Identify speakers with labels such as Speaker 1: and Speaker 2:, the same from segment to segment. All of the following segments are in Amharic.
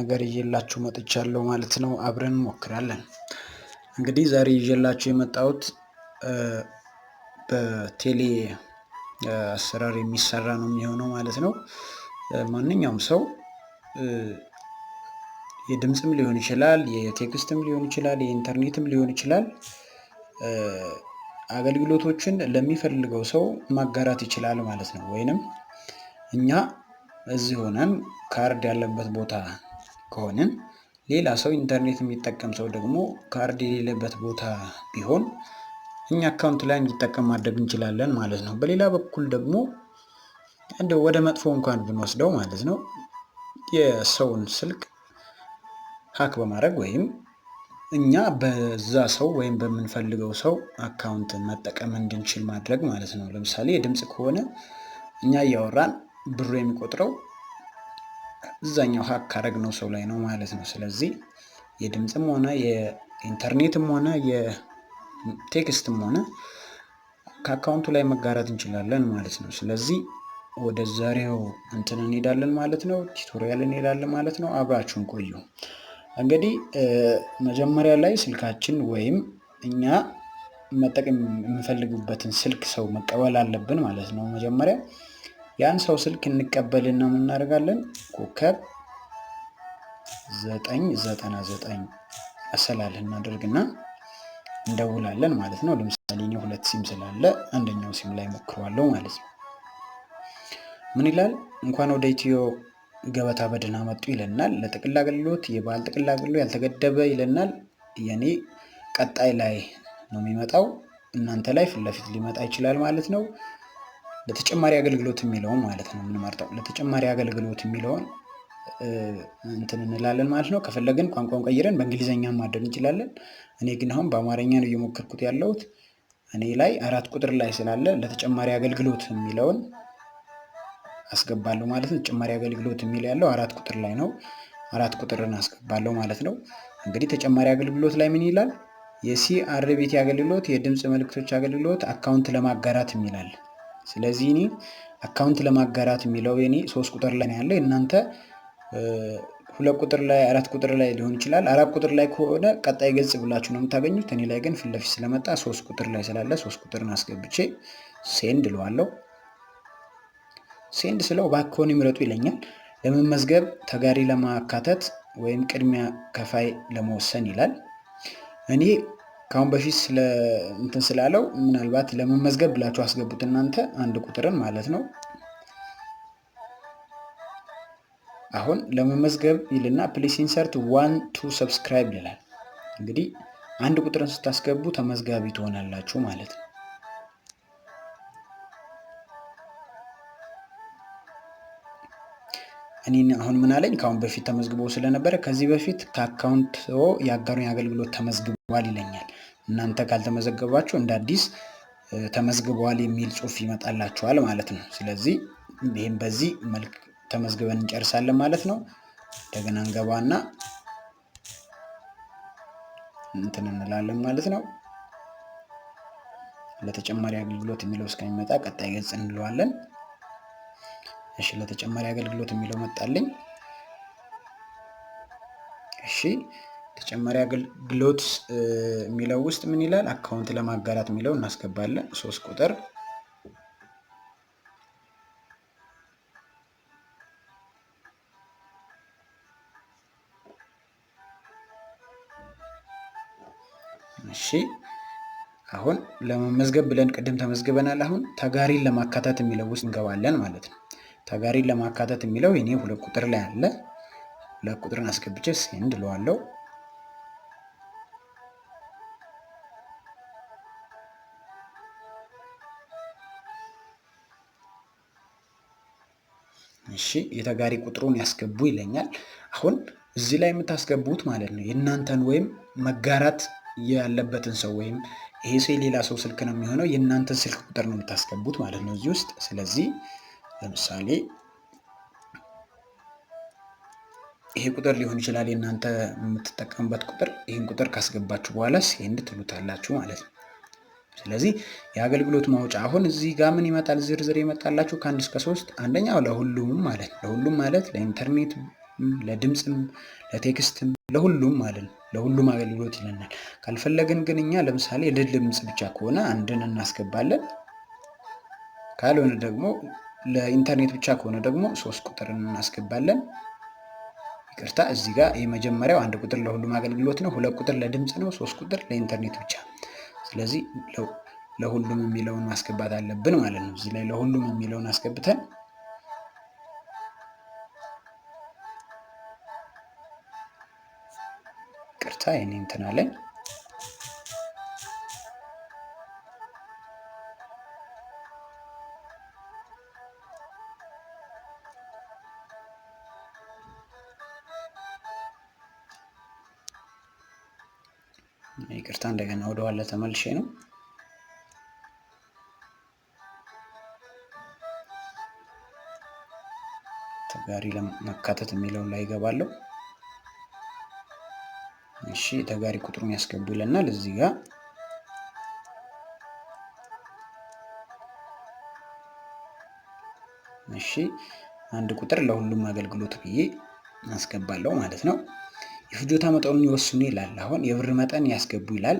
Speaker 1: ነገር ይዤላችሁ መጥቻለሁ ማለት ነው። አብረን እንሞክራለን። እንግዲህ ዛሬ ይዤላችሁ የመጣሁት በቴሌ አሰራር የሚሰራ ነው የሚሆነው ማለት ነው። ማንኛውም ሰው የድምፅም ሊሆን ይችላል፣ የቴክስትም ሊሆን ይችላል፣ የኢንተርኔትም ሊሆን ይችላል። አገልግሎቶችን ለሚፈልገው ሰው ማጋራት ይችላል ማለት ነው። ወይንም እኛ እዚህ ሆነን ካርድ ያለበት ቦታ ከሆንን ሌላ ሰው ኢንተርኔት የሚጠቀም ሰው ደግሞ ካርድ የሌለበት ቦታ ቢሆን እኛ አካውንት ላይ እንዲጠቀም ማድረግ እንችላለን ማለት ነው። በሌላ በኩል ደግሞ እንደ ወደ መጥፎ እንኳን ብንወስደው ማለት ነው የሰውን ስልክ ሀክ በማድረግ ወይም እኛ በዛ ሰው ወይም በምንፈልገው ሰው አካውንት መጠቀም እንድንችል ማድረግ ማለት ነው። ለምሳሌ የድምፅ ከሆነ እኛ እያወራን ብሩ የሚቆጥረው እዛኛው ሀክ ካረግነው ሰው ላይ ነው ማለት ነው። ስለዚህ የድምፅም ሆነ የኢንተርኔትም ሆነ የቴክስትም ሆነ ከአካውንቱ ላይ መጋራት እንችላለን ማለት ነው። ስለዚህ ወደ ዛሬው እንትን እንሄዳለን ማለት ነው። ቲቶሪያል እንሄዳለን ማለት ነው። አብራችሁን ቆዩ። እንግዲህ መጀመሪያ ላይ ስልካችን ወይም እኛ መጠቀም የምንፈልግበትን ስልክ ሰው መቀበል አለብን ማለት ነው መጀመሪያ ያን ሰው ስልክ እንቀበልና ምን እናደርጋለን? ኮከብ ዘጠኝ ዘጠና ዘጠኝ መሰላል እናደርግና እንደውላለን ማለት ነው። ለምሳሌ እኔ ሁለት ሲም ስላለ አንደኛው ሲም ላይ ሞክሯለሁ ማለት ነው። ምን ይላል? እንኳን ወደ ኢትዮ ገበታ በደህና መጡ ይለናል። ለጥቅል አገልግሎት የባለ ጥቅል አገልግሎት ያልተገደበ ይለናል። የኔ ቀጣይ ላይ ነው የሚመጣው፣ እናንተ ላይ ፊት ለፊት ሊመጣ ይችላል ማለት ነው። ለተጨማሪ አገልግሎት የሚለውን ማለት ነው የምንመርጠው። ለተጨማሪ አገልግሎት የሚለውን እንትን እንላለን ማለት ነው። ከፈለግን ቋንቋን ቀይረን በእንግሊዝኛ ማድረግ እንችላለን። እኔ ግን አሁን በአማርኛ ነው እየሞከርኩት ያለሁት። እኔ ላይ አራት ቁጥር ላይ ስላለ ለተጨማሪ አገልግሎት የሚለውን አስገባለሁ ማለት ነው። ተጨማሪ አገልግሎት የሚል ያለው አራት ቁጥር ላይ ነው። አራት ቁጥርን አስገባለሁ ማለት ነው። እንግዲህ ተጨማሪ አገልግሎት ላይ ምን ይላል? የሲአርቢቲ አገልግሎት፣ የድምፅ መልእክቶች አገልግሎት አካውንት ለማጋራት የሚላል ስለዚህ እኔ አካውንት ለማጋራት የሚለው ኔ ሶስት ቁጥር ላይ ያለ እናንተ ሁለት ቁጥር ላይ አራት ቁጥር ላይ ሊሆን ይችላል። አራት ቁጥር ላይ ከሆነ ቀጣይ ገጽ ብላችሁ ነው የምታገኙት። እኔ ላይ ግን ፊት ለፊት ስለመጣ ሶስት ቁጥር ላይ ስላለ ሶስት ቁጥርን አስገብቼ ሴንድ እለዋለሁ። ሴንድ ስለው ባክሆን ይምረጡ ይለኛል። ለመመዝገብ ተጋሪ ለማካተት ወይም ቅድሚያ ከፋይ ለመወሰን ይላል። እኔ ከአሁን በፊት ስለ እንትን ስላለው ምናልባት ለመመዝገብ ብላችሁ አስገቡት እናንተ አንድ ቁጥርን ማለት ነው። አሁን ለመመዝገብ ይልና ፕሊስ ኢንሰርት ዋን ቱ ሰብስክራይብ ይላል። እንግዲህ አንድ ቁጥርን ስታስገቡ ተመዝጋቢ ትሆናላችሁ ማለት ነው። እኔ አሁን ምን አለኝ? ከአሁን በፊት ተመዝግቦ ስለነበረ ከዚህ በፊት ከአካውንት ያጋሩኝ አገልግሎት ተመዝግቧል ይለኛል። እናንተ ካልተመዘገባችሁ እንደ አዲስ ተመዝግበዋል የሚል ጽሁፍ ይመጣላችኋል ማለት ነው። ስለዚህ ይህም በዚህ መልክ ተመዝግበን እንጨርሳለን ማለት ነው። እንደገና እንገባና እንትን እንላለን ማለት ነው። ለተጨማሪ አገልግሎት የሚለው እስከሚመጣ ቀጣይ ገጽ እንለዋለን። እሺ፣ ለተጨማሪ አገልግሎት የሚለው መጣልኝ። እሺ ተጨማሪ አገልግሎት የሚለው ውስጥ ምን ይላል? አካውንት ለማጋራት የሚለው እናስገባለን። ሶስት ቁጥር እሺ አሁን ለመመዝገብ ብለን ቅድም ተመዝግበናል። አሁን ተጋሪን ለማካተት የሚለው ውስጥ እንገባለን ማለት ነው። ተጋሪን ለማካተት የሚለው የኔ ሁለት ቁጥር ላይ አለ። ሁለት ቁጥርን አስገብቼ ሴንድ ለዋለው እሺ የተጋሪ ቁጥሩን ያስገቡ ይለኛል። አሁን እዚህ ላይ የምታስገቡት ማለት ነው የእናንተን ወይም መጋራት ያለበትን ሰው ወይም ይሄ ሰው የሌላ ሰው ስልክ ነው የሚሆነው የእናንተን ስልክ ቁጥር ነው የምታስገቡት ማለት ነው እዚህ ውስጥ። ስለዚህ ለምሳሌ ይሄ ቁጥር ሊሆን ይችላል የእናንተ የምትጠቀሙበት ቁጥር። ይህን ቁጥር ካስገባችሁ በኋላ ሴንድ ትሉታላችሁ ማለት ነው። ስለዚህ የአገልግሎት ማውጫ አሁን እዚህ ጋር ምን ይመጣል? ዝርዝር ይመጣላችሁ ከአንድ እስከ ሶስት አንደኛው ለሁሉም ማለት ለሁሉም ማለት ለኢንተርኔት፣ ለድምፅም፣ ለቴክስትም ለሁሉም ማለት ለሁሉም አገልግሎት ይለናል። ካልፈለግን ግን እኛ ለምሳሌ ድምፅ ብቻ ከሆነ አንድን እናስገባለን። ካልሆነ ደግሞ ለኢንተርኔት ብቻ ከሆነ ደግሞ ሶስት ቁጥርን እናስገባለን። ይቅርታ እዚህ ጋር የመጀመሪያው አንድ ቁጥር ለሁሉም አገልግሎት ነው። ሁለት ቁጥር ለድምፅ ነው። ሶስት ቁጥር ለኢንተርኔት ብቻ ስለዚህ ለሁሉም የሚለውን ማስገባት አለብን ማለት ነው። እዚህ ላይ ለሁሉም የሚለውን አስገብተን ቅርታ የኔ እንትን አለኝ ይቅርታ እንደገና ወደኋላ ተመልሼ ነው። ተጋሪ ለመካተት የሚለውን ላይ ይገባለሁ። እሺ ተጋሪ ቁጥሩን ያስገቡ ይለናል እዚህ ጋር እሺ አንድ ቁጥር ለሁሉም አገልግሎት ብዬ አስገባለሁ ማለት ነው። የፍጆታ መጠኑን ይወስኑ ይላል። አሁን የብር መጠን ያስገቡ ይላል።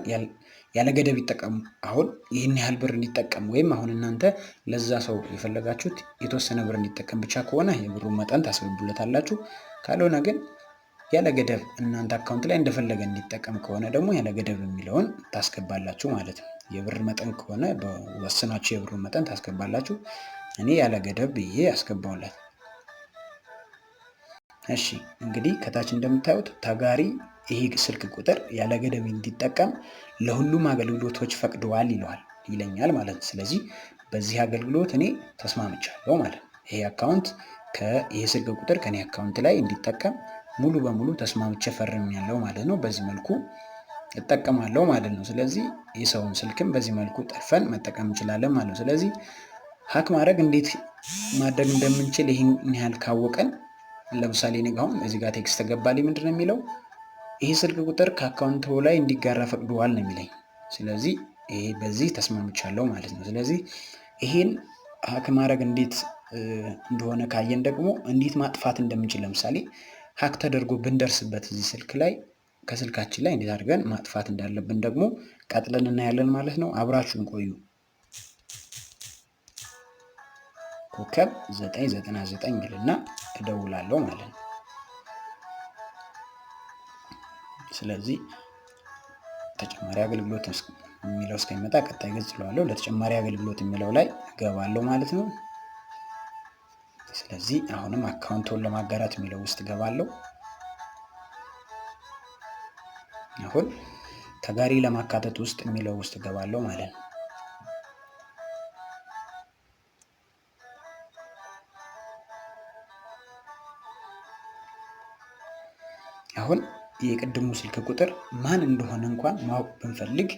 Speaker 1: ያለ ገደብ ይጠቀሙ። አሁን ይህን ያህል ብር እንዲጠቀም ወይም አሁን እናንተ ለዛ ሰው የፈለጋችሁት የተወሰነ ብር እንዲጠቀም ብቻ ከሆነ የብሩን መጠን ታስገቡለታላችሁ። ካልሆነ ግን ያለ ገደብ እናንተ አካውንት ላይ እንደፈለገ እንዲጠቀም ከሆነ ደግሞ ያለ ገደብ የሚለውን ታስገባላችሁ ማለት ነው። የብር መጠን ከሆነ በወስናችሁ የብሩን መጠን ታስገባላችሁ። እኔ ያለ ገደብ ብዬ አስገባውላት እሺ እንግዲህ ከታች እንደምታዩት ተጋሪ ይሄ ስልክ ቁጥር ያለ ገደብ እንዲጠቀም ለሁሉም አገልግሎቶች ፈቅደዋል ይለዋል ይለኛል ማለት ነው። ስለዚህ በዚህ አገልግሎት እኔ ተስማምቻለሁ ማለት ነው። ይሄ አካውንት ይሄ ስልክ ቁጥር ከኔ አካውንት ላይ እንዲጠቀም ሙሉ በሙሉ ተስማምቼ ፈርሜያለሁ ማለት ነው። በዚህ መልኩ እጠቀማለሁ ማለት ነው። ስለዚህ የሰውን ስልክም በዚህ መልኩ ጠልፈን መጠቀም እንችላለን ማለት ነው። ስለዚህ ሀክ ማድረግ እንዴት ማድረግ እንደምንችል ይህን ያህል ካወቀን ለምሳሌ እኔ አሁን እዚህ ጋር ቴክስት ተገባልኝ ምንድን ነው የሚለው ይህ ስልክ ቁጥር ከአካውንት ላይ እንዲጋራ ፈቅደዋል ነው የሚለኝ። ስለዚህ ይሄ በዚህ ተስማምቻለሁ ማለት ነው። ስለዚህ ይሄን ሀክ ማድረግ እንዴት እንደሆነ ካየን ደግሞ እንዴት ማጥፋት እንደምንችል ለምሳሌ ሀክ ተደርጎ ብንደርስበት እዚህ ስልክ ላይ ከስልካችን ላይ እንዴት አድርገን ማጥፋት እንዳለብን ደግሞ ቀጥለን እናያለን ማለት ነው። አብራችሁን ቆዩ። ኮከብ 999 ይልና እደውላለሁ ማለት ነው። ስለዚህ ተጨማሪ አገልግሎት የሚለው እስከሚመጣ ቀጣይ ገጽ ለዋለሁ ለተጨማሪ አገልግሎት የሚለው ላይ እገባለሁ ማለት ነው። ስለዚህ አሁንም አካውንቶን ለማጋራት የሚለው ውስጥ እገባለሁ። አሁን ተጋሪ ለማካተት ውስጥ የሚለው ውስጥ እገባለሁ ማለት ነው። የቅድሙ ስልክ ቁጥር ማን እንደሆነ እንኳን ማወቅ ብንፈልግ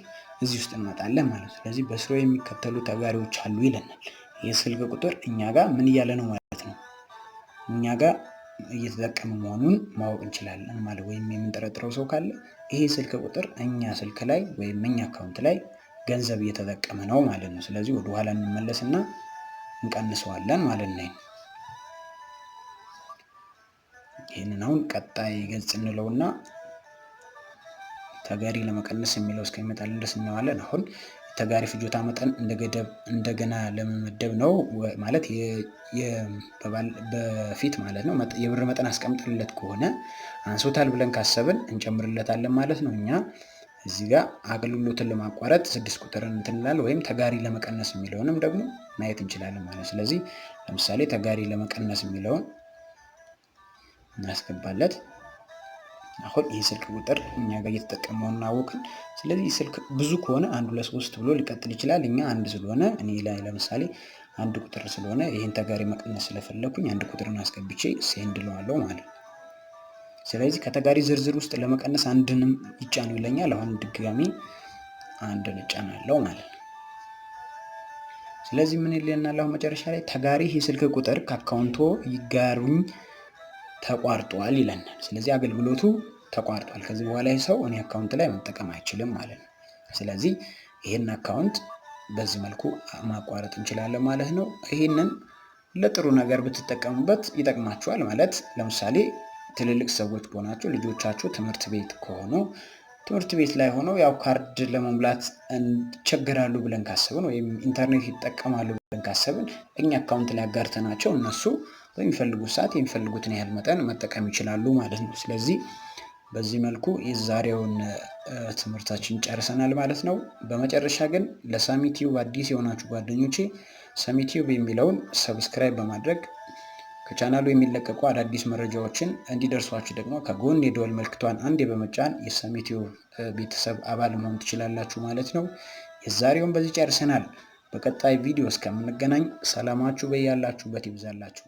Speaker 1: እዚህ ውስጥ እንመጣለን ማለት ነው። ስለዚህ በስሮ የሚከተሉ ተጋሪዎች አሉ ይለናል። ይህ ስልክ ቁጥር እኛ ጋር ምን እያለ ነው ማለት ነው። እኛ ጋር እየተጠቀመ መሆኑን ማወቅ እንችላለን ማለት ወይም የምንጠረጥረው ሰው ካለ ይሄ ስልክ ቁጥር እኛ ስልክ ላይ ወይም እኛ አካውንት ላይ ገንዘብ እየተጠቀመ ነው ማለት ነው። ስለዚህ ወደኋላ እንመለስና እንቀንሰዋለን ማለት ነው። ይህንን አሁን ቀጣይ ገጽ እንለውና ተጋሪ ለመቀነስ የሚለው እስከሚመጣልን ድረስ እናዋለን። አሁን ተጋሪ ፍጆታ መጠን እንደገና ለመመደብ ነው ማለት በፊት ማለት ነው። የብር መጠን አስቀምጠንለት ከሆነ አንሶታል ብለን ካሰብን እንጨምርለታለን ማለት ነው። እኛ እዚህ ጋር አገልግሎትን ለማቋረጥ ስድስት ቁጥርን እንትን እንላለን፣ ወይም ተጋሪ ለመቀነስ የሚለውንም ደግሞ ማየት እንችላለን ማለት ነው። ስለዚህ ለምሳሌ ተጋሪ ለመቀነስ የሚለውን እናስገባለት። አሁን ይህ ስልክ ቁጥር እኛ ጋር እየተጠቀመው እናወቅን። ስለዚህ ስልክ ብዙ ከሆነ አንድ ሁለት ሶስት ብሎ ሊቀጥል ይችላል። እኛ አንድ ስለሆነ እኔ ላይ ለምሳሌ አንድ ቁጥር ስለሆነ ይህን ተጋሪ መቀነስ ስለፈለኩኝ አንድ ቁጥርን አስገብቼ ሴንድ ለዋለው ማለት ነው። ስለዚህ ከተጋሪ ዝርዝር ውስጥ ለመቀነስ አንድንም ይጫኑ ይለኛል። አሁን ድጋሚ አንድን እጫናለው ማለት ነው። ስለዚህ ምን ይለናል አሁን መጨረሻ ላይ ተጋሪ የስልክ ቁጥር ከአካውንቶ ይጋሩኝ ተቋርጧል ይለናል። ስለዚህ አገልግሎቱ ተቋርጧል። ከዚህ በኋላ ሰው እኔ አካውንት ላይ መጠቀም አይችልም ማለት ነው። ስለዚህ ይህን አካውንት በዚህ መልኩ ማቋረጥ እንችላለን ማለት ነው። ይህንን ለጥሩ ነገር ብትጠቀሙበት ይጠቅማችኋል ማለት ለምሳሌ ትልልቅ ሰዎች ከሆናችሁ ልጆቻችሁ ትምህርት ቤት ከሆኑ ትምህርት ቤት ላይ ሆነው ያው ካርድ ለመሙላት እንቸገራሉ ብለን ካሰብን ወይም ኢንተርኔት ይጠቀማሉ ብለን ካሰብን እኛ አካውንት ላይ አጋርተናቸው እነሱ በሚፈልጉት ሰዓት የሚፈልጉትን ያህል መጠን መጠቀም ይችላሉ ማለት ነው። ስለዚህ በዚህ መልኩ የዛሬውን ትምህርታችን ጨርሰናል ማለት ነው። በመጨረሻ ግን ለሳሚቲዩብ አዲስ የሆናችሁ ጓደኞቼ ሳሚቲዩብ የሚለውን ሰብስክራይብ በማድረግ ከቻናሉ የሚለቀቁ አዳዲስ መረጃዎችን እንዲደርሷችሁ ደግሞ ከጎን የደወል ምልክቷን አንዴ በመጫን የሳሚቲዩብ ቤተሰብ አባል መሆን ትችላላችሁ ማለት ነው። የዛሬውን በዚህ ጨርሰናል። በቀጣይ ቪዲዮ እስከምንገናኝ ሰላማችሁ በያላችሁበት ይብዛላችሁ።